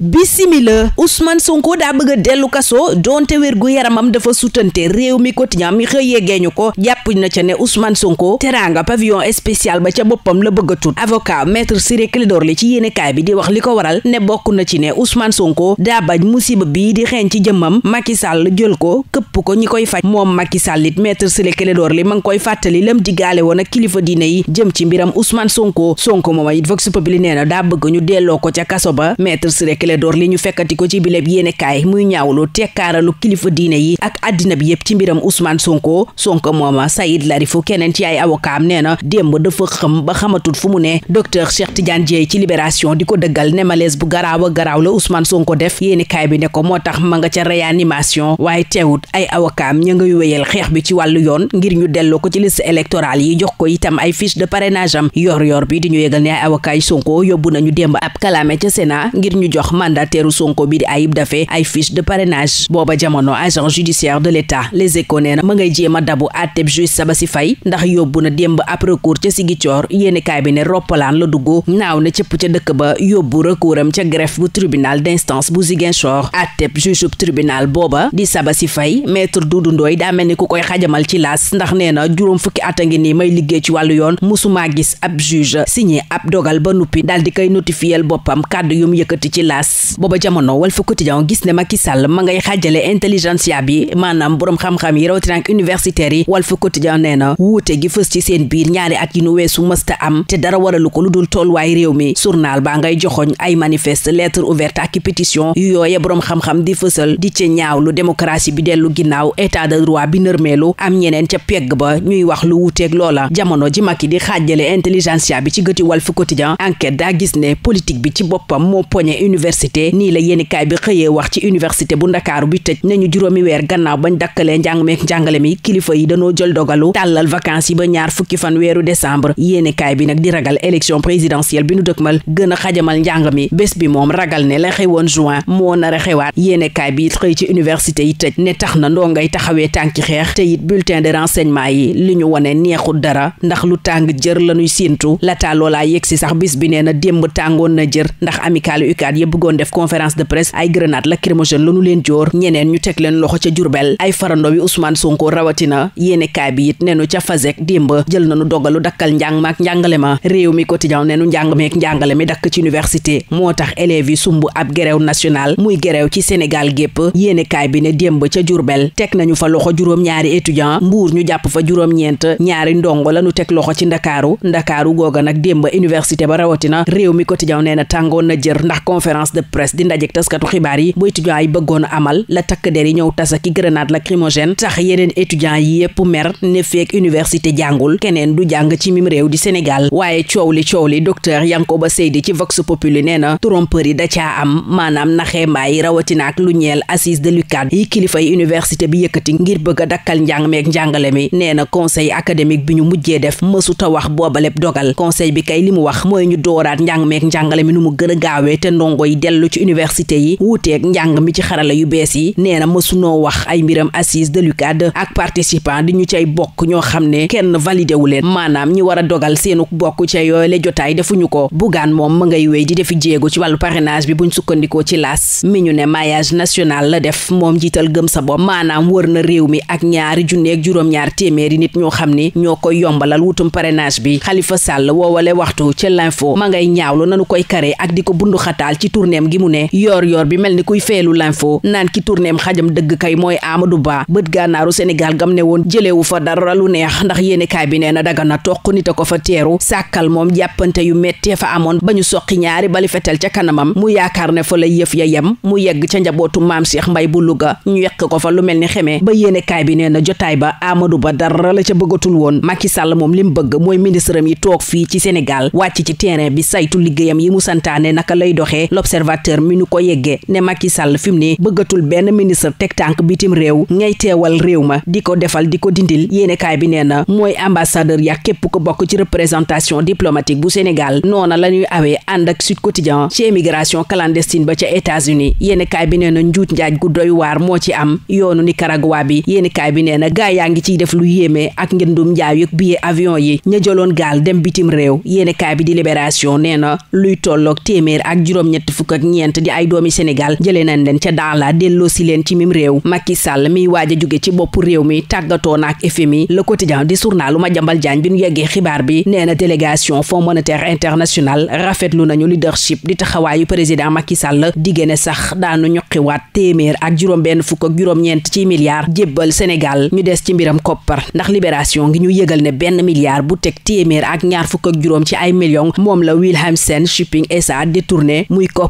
bisimila Ousmane Sonko daa bëgg dellu kaso doonte wér gu yaramam dafa sutante réew mi quotidien mi xëy yeggeeñu ko jàpp na ca ne Ousmane Sonko teraanga pavillon spécial ba ca boppam la bëgg a tut avocat maître Ciré Clédor Ly ci yéenekaay bi di wax li ko waral ne bokk na ci ne usman Sonko daa bañ musiba bii di xeeñ ci jëmmam Macky Sall jël ko këpp ko ñi koy faj moom Macky Sall it maître Ciré Clédor Ly ma ngi koy fàttali lam digaale woon ak kilifa diine yi jëm ci mbiram Ousmane Sonko Sonko mooma it Vox Populi nee na daa bëgg delloo ko ca kaso ba maître Ciré Clédor li ñu fekkati ko ci bileb yéenekaay muy ñaawlu tekkaaralu kilifa diine yi ak àddina bi yépp ci mbiram Ousmane Sonko Sonko mooma Saïd Larifou keneen ci ay avokaam nee na démb dafa xam ba xamatul fu mu ne docteur Cheikh Tidiane Dieye ci libération di ko dëggal ne malaise bu garaaw a garaaw la Ousmane Sonko def yéenekaay bi ne ko moo tax ma nga ca réanimation waaye teewut ay avokaam ña ngay wéyal xeex bi ci wàllu yoon ngir ñu delloo ko ci liste électorale yi jox ko itam ay fiche de parrainage am yor yor bi di ñu yégal ne ay avocat Sonko yóbbu nañu mandataire Sonko bi di Ayib Daffé ay fiche de parrainage booba jamono agent judiciaire de l'État les Échos nee ma ngay jéem a dabu atteb juge Sabassi Faye ndax yóbbu na démb ab recours ca Ziguinchor yéenekaay bi ne roppalaan la dugg naaw na cëpp ca dëkk ba yóbbu recours am ca greffe bu tribunal d'instance bu Ziguinchor atteb juge tribunal booba di Sabassi Faye maître Doudou Ndoye daa mel ni ku koy xajamal ci laas ndax nee juróom fukki at a ngi nii may las booba jamono Walf Quotidien gis ne Macky Sall ma ngay xaajale intelligentsia bi maanaam boroom xam-xam yi rawatina ak universitaires yi Walf Quotidien nee na wuute gi fës ci seen biir ñaari at yi nu weesu mësta am te dara waralu ko lu dul tolluwaay réew mi journal baa ngay joxoñ ay manifeste lettre ouverte ak pétition yu yooye boroom xam-xam di fësal di ca ñaaw lu démocratie bi dellu ginnaaw état de droit bi nërmeelu am ñeneen ca pegg ba ñuy wax lu wuuteeg loola jamono ji Macky di xaajale intelligentsia bi ci gëti Walf bi ci boppam moo poñe université nii la yéenikaay bi xëyee wax ci université bu ndakaaru bi tëj nañu juróomi weer gannaaw bañ dakkalee njàng meek njàngale mi kilifa yi danoo jël dogalu tàllal vacance yi ba ñaar fukki fan weeru décembre yéenikaay bi nag di ragal élection présidentielle bi nu dëkkmal gën a xajamal njàng mi bés bi moom ragal ne la xewoon juin moo nar a xewaat yéenikaay bi xëy ci université yi tëj ne tax na ndoo ngay taxawee tànki xeex te it bulletin de renseignement yi li ñu wone neexul dara ndax lu tàng jër lañuy séentu lataa loolaa yegg si sax bis bi nee na démb tàngoon na jër ndax amical bëggoon def conférence de presse ay grenade lacrymogène lanu leen jóor ñeneen ñu teg leen loxo ca Jurbel ay farando bi Ousmane Sonko rawatina yéene kaay bi it nenu ca Fasek démb jël nanu dogalu dakkal njàng maak njàngale ma réew mi quotidien ci université moo gépp yéene bi ne démb ca Jurbel teg nañu fa loxo juróom-ñaari étudiant mbuur ñu jàpp fa juróom-ñeent ñaari ndongo lanu teg loxo ci ndakaaru ndakaaru googa nag démb université ba rawatina réew mi quotidien nee na tàngoon na jër ndax conférence de presse di ndajeek taskatu xibaar yi bu étudiants yi bëggoon a amal la takk der yi ñëw tasa ki grenade lacrymogène tax yeneen étudiants yi yépp mer ne feek université jàngul keneen du jàng ci mim réew di Sénégal waaye coow li coow li docteur Yankoba Seydi ci Vox Populi nee na tromperie da caa am maanaam naxee mbaay rawatina ak lu ñeel assise de l'UCAD yi kilifay université bi yëkkati ngir bëgg dakkal njàng meek njàngale mi nee na conseil académique bi ñu mujjee def mësuta wax boobaleb dogal conseil bi kay li mu wax mooy ñu dooraat njàng meek njàngale mi nu mu gën dellu ci université yi wuuteeg njàng mi ci xarala yu bees yi nee na mësunoo wax ay mbiram assise de l'UCAD ak participant di ñu cay bokk ñoo xam ne kenn validé wu leen maanaam ñi war a dogal seenu bokk ca yooyu la jotaay defuñu ko bugaan moom ma ngay wéy di defi jéego ci wàllu parrainage bi buñ sukkandikoo ci laas mi ñu ne maillage national la def moom jiital gëm sa bopp maanaam wër na réew mi ak ñaari junneeg juróom-ñaar téeméeri nit ñoo xam ni ñoo koy yombalal wutum parrainage bi xalifa Sall woowale waxtu ca l'info ma ngay ñaawlu nanu koy kare ak di ko bundu ci tournée tourneem gi mu ne yoor yoor bi mel ni kuy feelu l'info naan ki tourneem xajam dëgg kay mooy amadu Ba bët gànnaaru Sénégal gam ne woon jëlewu fa dara lu neex ndax yéene kaay bi nee na daga na toq nite ko fa teeru sàkkal moom jàppante yu mettee fa amoon ba ñu soqi ñaari bali fetel ca kanamam mu yaakaar ne fa la yëf ya yam mu yegg ca njabootu maam Cheikh Mbay bu luga ñu yekk ko fa lu mel ni xemee ba yéene kaay bi nee na jotaay ba amadu Ba dara la ca bëggatul woon Macky Sall moom li mu bëgg mooy ministre am toog fii ci Sénégal wàcc ci terrain bi saytu liggéeyam yi mu santaane naka lay l'observateur mi nu ko yeggee ne Macky Sall fi mu ne bëggatul benn ministre teg tànk bitim réew ngay teewal réew ma di ko defal di ko dindil yéenekaay bi nee na mooy ambassadeur ya képp ko bokk ci représentation diplomatique bu Sénégal noona la ñuy awee ànd ak Sud Quotidien ci émigration clandestine ba ca États-Unis yéenekaay bi nee na njuut njaaj gu doy waar moo ci am yoonu Nicaragua bi yéenekaay bi nee na gaa yaa ngi ciy def lu yéeme ak ngëndum njaay yëg billet avion yi ña jëloon gaal dem bitim réew yéenekaay bi di libération nee na luy tolloog fukk ak ñeent di ay doomi Sénégal jëlee nañ leen ca dans la delloo si leen ci mim réew Macky Sall miy waaj a jóge ci bopp réew mi tàggatoo na ak FMI le quotidien di journalu Madiambal Diagne bi ñu yeggee xibaar bi nee na délégation Fonds monétaire international rafetlu nañu leadership di taxawaayu président Macky Sall diggéene sax daanu ñoqiwaat téeméer ak juróom-benn fukk ak ñeent ci milliards jébbal Sénégal ñu des ci mbiram koppar ndax libération ngi ñu yëgal ne benn milliard bu teg téeméer ak ñaar fukk ak ci ay millions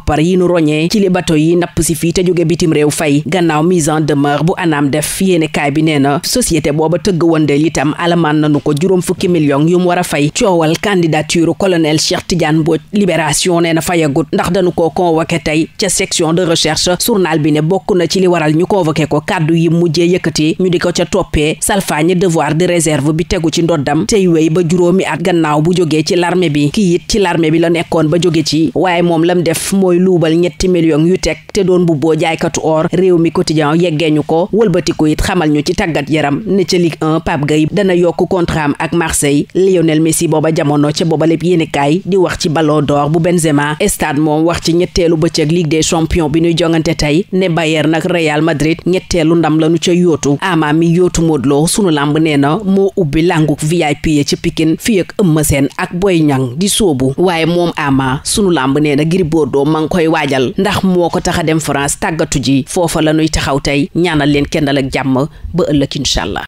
koppar yi nu roñee ci li bato yi napp si fii te jóge bitim réew fay gannaaw mise en demeure bu anaam def yéene kaay bi nee na société booba tëgg wëndeel itam alamaan nanu ko juróom fukki million yu mu war a fay coowal candidature colonel Cheikh Tidiane Mbodj libération nee na fayagut ndax dañu ko convoqué tey ca section de recherche journal bi ne bokk na ci li waral ñu convoqué ko kàddu yi mujjee yëkkati ñu di ko ca toppee salfaañi devoir de réserve bi tegu ci ndoddam tey wéy ba juróomi at gannaaw bu jógee ci larme bi kii it ci l'armée bi la nekkoon ba jóge ci waaye moom mooy luubal ñetti millions yu teg te doon bu boo jaaykatu or réew mi quotidien yeggee ñu ko wëlbatiku xamal ñu ci taggat yaram ne ca Ligue 1 Pape Gueye dana yokk contrat am ak Marseille Lionel Messi booba jamono ca booba lépp yéenekaay di wax ci Ballon d'Or bu Benzema stade moom wax ci ñetteelu bëccëg Ligue des champions bi ñuy jongante tey ne Bayern nag Real Madrid ñetteelu ndam lañu ca yootu ama mi yóotu Modou Lo sunu làmb nee na moo ubbi làngu VIP ya ci Pikine fi ak ak Boy Niang ngi koy waajal ndax moo ko tax a dem France tàggatu ji foofa la ñuy taxaw tey ñaanal leen kenn dal ak jàmm ba ëllëg incha allah